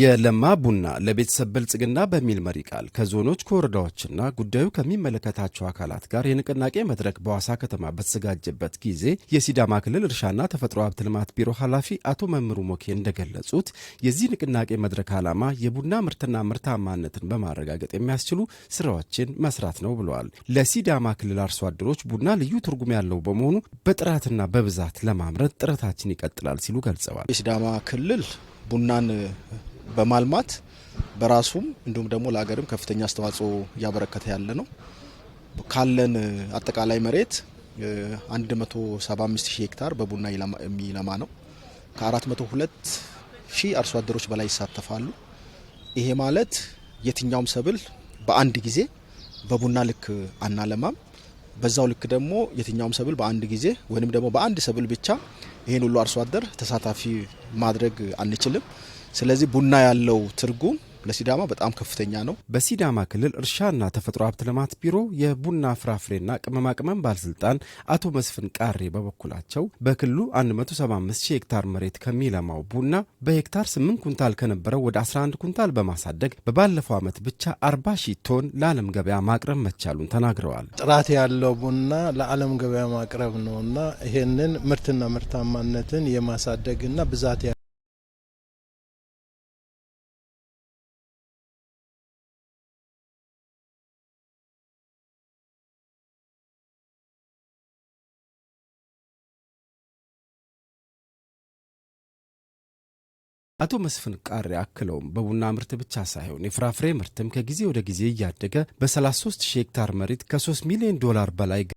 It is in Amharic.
የለማ ቡና ለቤተሰብ ብልጽግና በሚል መሪ ቃል ከዞኖች ከወረዳዎችና ጉዳዩ ከሚመለከታቸው አካላት ጋር የንቅናቄ መድረክ በዋሳ ከተማ በተዘጋጀበት ጊዜ የሲዳማ ክልል እርሻና ተፈጥሮ ሀብት ልማት ቢሮ ኃላፊ አቶ መምሩ ሞኬ እንደገለጹት የዚህ ንቅናቄ መድረክ ዓላማ የቡና ምርትና ምርታማነትን በማረጋገጥ የሚያስችሉ ስራዎችን መስራት ነው ብለዋል። ለሲዳማ ክልል አርሶ አደሮች ቡና ልዩ ትርጉም ያለው በመሆኑ በጥራትና በብዛት ለማምረት ጥረታችን ይቀጥላል ሲሉ ገልጸዋል። የሲዳማ ክልል ቡናን በማልማት በራሱም እንዲሁም ደግሞ ለሀገርም ከፍተኛ አስተዋጽኦ እያበረከተ ያለ ነው። ካለን አጠቃላይ መሬት 175 ሺህ ሄክታር በቡና የሚለማ ነው። ከ402 ሺህ አርሶ አደሮች በላይ ይሳተፋሉ። ይሄ ማለት የትኛውም ሰብል በአንድ ጊዜ በቡና ልክ አናለማም። በዛው ልክ ደግሞ የትኛውም ሰብል በአንድ ጊዜ ወይም ደግሞ በአንድ ሰብል ብቻ ይህን ሁሉ አርሶ አደር ተሳታፊ ማድረግ አንችልም። ስለዚህ ቡና ያለው ትርጉም ለሲዳማ በጣም ከፍተኛ ነው። በሲዳማ ክልል እርሻና ተፈጥሮ ሀብት ልማት ቢሮ የቡና ፍራፍሬና ቅመማ ቅመም ባለስልጣን አቶ መስፍን ቃሬ በበኩላቸው በክልሉ 175 ሺህ ሄክታር መሬት ከሚለማው ቡና በሄክታር 8 ኩንታል ከነበረው ወደ 11 ኩንታል በማሳደግ በባለፈው ዓመት ብቻ 40 ሺህ ቶን ለዓለም ገበያ ማቅረብ መቻሉን ተናግረዋል። ጥራት ያለው ቡና ለዓለም ገበያ ማቅረብ ነውና ይህንን ምርትና ምርታማነትን የማሳደግና ብዛት አቶ መስፍን ቃሬ አክለውም በቡና ምርት ብቻ ሳይሆን የፍራፍሬ ምርትም ከጊዜ ወደ ጊዜ እያደገ በ33 ሺህ ሄክታር መሬት ከ3 ሚሊዮን ዶላር በላይ